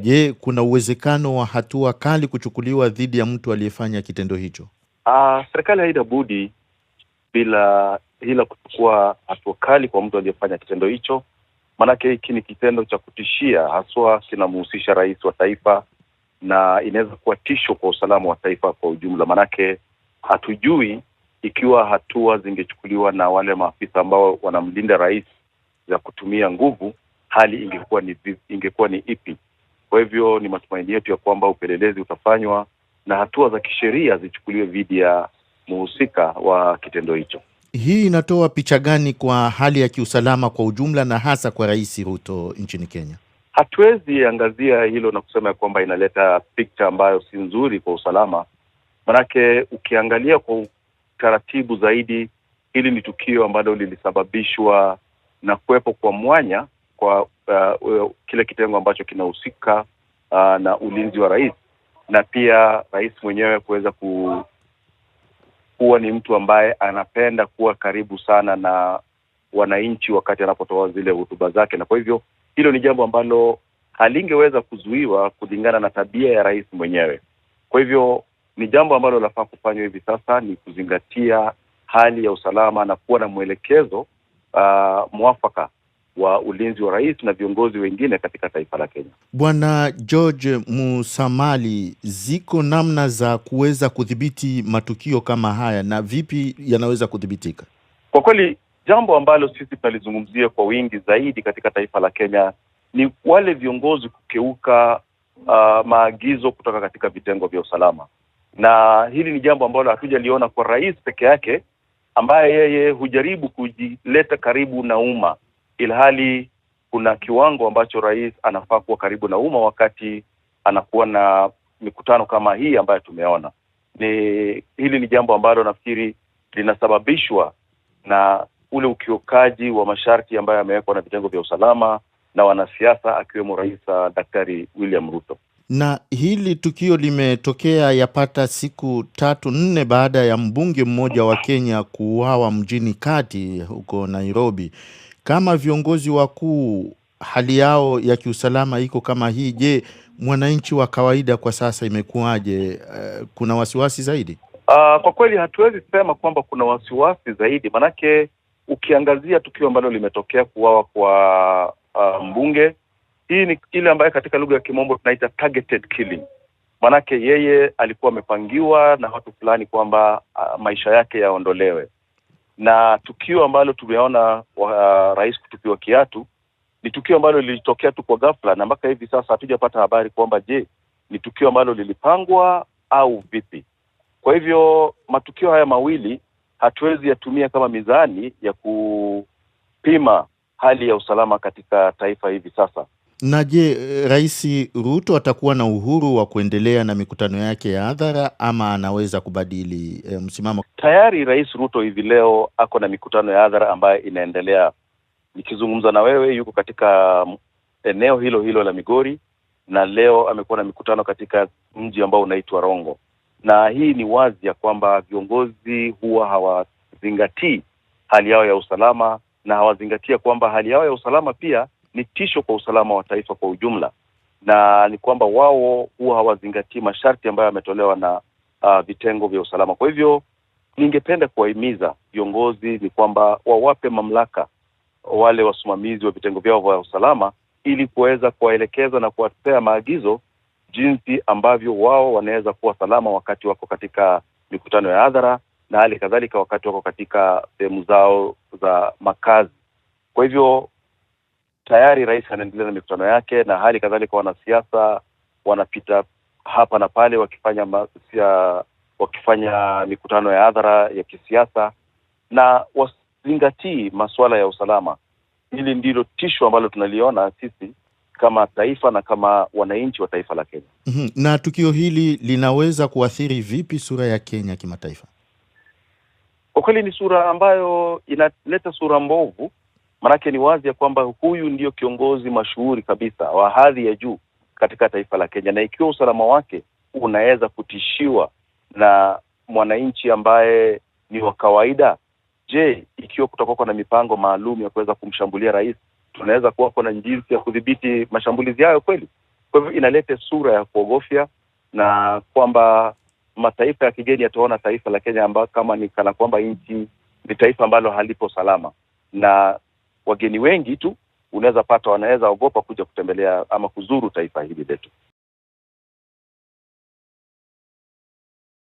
Je, kuna uwezekano wa hatua kali kuchukuliwa dhidi ya mtu aliyefanya kitendo hicho? Uh, serikali haina budi bila hila kuchukua hatua kali kwa mtu aliyefanya kitendo hicho, maanake hiki ni kitendo cha kutishia, haswa kinamhusisha rais wa taifa na inaweza kuwa tisho kwa usalama wa taifa kwa ujumla, maanake hatujui ikiwa hatua zingechukuliwa na wale maafisa ambao wanamlinda rais za kutumia nguvu, hali ingekuwa ni, ingekuwa ni ipi? Kwa hivyo ni matumaini yetu ya kwamba upelelezi utafanywa na hatua za kisheria zichukuliwe dhidi ya mhusika wa kitendo hicho. Hii inatoa picha gani kwa hali ya kiusalama kwa ujumla na hasa kwa Rais Ruto nchini Kenya? Hatuwezi angazia hilo na kusema ya kwamba inaleta picha ambayo si nzuri kwa usalama, manake ukiangalia kwa utaratibu zaidi, hili ni tukio ambalo lilisababishwa na kuwepo kwa mwanya kwa uh, kile kitengo ambacho kinahusika uh, na ulinzi wa rais na pia rais mwenyewe kuweza ku, kuwa ni mtu ambaye anapenda kuwa karibu sana na wananchi wakati anapotoa zile hotuba zake, na kwa hivyo hilo ni jambo ambalo halingeweza kuzuiwa kulingana na tabia ya rais mwenyewe. Kwa hivyo ni jambo ambalo lafaa kufanywa hivi sasa ni kuzingatia hali ya usalama na kuwa na mwelekezo uh, mwafaka wa ulinzi wa rais na viongozi wengine katika taifa la Kenya. Bwana George Musamali, ziko namna za kuweza kudhibiti matukio kama haya na vipi yanaweza kudhibitika? Kwa kweli jambo ambalo sisi tunalizungumzia kwa wingi zaidi katika taifa la Kenya ni wale viongozi kukeuka uh, maagizo kutoka katika vitengo vya usalama, na hili ni jambo ambalo hatujaliona kwa rais peke yake, ambaye yeye hujaribu kujileta karibu na umma ilhali kuna kiwango ambacho rais anafaa kuwa karibu na umma wakati anakuwa na mikutano kama hii ambayo tumeona. Ni hili ni jambo ambalo nafikiri linasababishwa na ule ukiukaji wa masharti ambayo yamewekwa na vitengo vya usalama na wanasiasa akiwemo Rais uh, Daktari William Ruto. Na hili tukio limetokea yapata siku tatu nne baada ya mbunge mmoja wa Kenya kuuawa mjini kati huko Nairobi. Kama viongozi wakuu hali yao ya kiusalama iko kama hii, je, mwananchi wa kawaida kwa sasa imekuwaje? Uh, kuna wasiwasi zaidi? Uh, kwa kweli hatuwezi sema kwamba kuna wasiwasi zaidi, manake ukiangazia tukio ambalo limetokea kuwawa kwa uh, mbunge, hii ni ile ambayo katika lugha ya kimombo tunaita targeted killing. Manake yeye alikuwa amepangiwa na watu fulani kwamba uh, maisha yake yaondolewe na tukio ambalo tumeona wa rais kutupiwa kiatu ni tukio ambalo lilitokea tu kwa ghafla, na mpaka hivi sasa hatujapata habari kwamba je, ni tukio ambalo lilipangwa au vipi. Kwa hivyo matukio haya mawili hatuwezi yatumia kama mizani ya kupima hali ya usalama katika taifa hivi sasa. Na je, Rais Ruto atakuwa na uhuru wa kuendelea na mikutano yake ya hadhara ama anaweza kubadili e, msimamo? Tayari Rais Ruto hivi leo ako na mikutano ya hadhara ambayo inaendelea. Nikizungumza na wewe, yuko katika eneo hilo hilo la Migori, na leo amekuwa na mikutano katika mji ambao unaitwa Rongo, na hii ni wazi ya kwamba viongozi huwa hawazingatii hali yao ya usalama na hawazingatia kwamba hali yao ya usalama pia ni tisho kwa usalama wa taifa kwa ujumla, na ni kwamba wao huwa hawazingatii masharti ambayo yametolewa na uh, vitengo vya usalama. Kwa hivyo ningependa kuwahimiza viongozi ni kwamba wawape mamlaka wale wasimamizi wa vitengo vyao vya usalama ili kuweza kuwaelekeza na kuwapea maagizo jinsi ambavyo wao wanaweza kuwa salama wakati wako katika mikutano ya hadhara na hali kadhalika wakati wako katika sehemu zao za makazi. Kwa hivyo tayari rais anaendelea na mikutano yake, na hali kadhalika wanasiasa wanapita hapa na pale wakifanya masia, wakifanya mikutano ya hadhara ya kisiasa na wazingatii masuala ya usalama. Hili ndilo tisho ambalo tunaliona sisi kama taifa na kama wananchi wa taifa la Kenya. mm -hmm. Na tukio hili linaweza kuathiri vipi sura ya Kenya kimataifa? Kwa kweli ni sura ambayo inaleta sura mbovu Maanake ni wazi ya kwamba huyu ndiyo kiongozi mashuhuri kabisa wa hadhi ya juu katika taifa la Kenya, na ikiwa usalama wake unaweza kutishiwa na mwananchi ambaye ni wa kawaida, je, ikiwa kutakuwa na mipango maalum ya kuweza kumshambulia rais, tunaweza kuwako na jinsi ya kudhibiti mashambulizi hayo kweli? Kwa hivyo inaleta sura ya kuogofya na kwamba mataifa ya kigeni yataona taifa la Kenya amba, kama ni kana kwamba nchi ni taifa ambalo halipo salama, na wageni wengi tu unaweza pata wanaweza ogopa kuja kutembelea ama kuzuru taifa hili letu.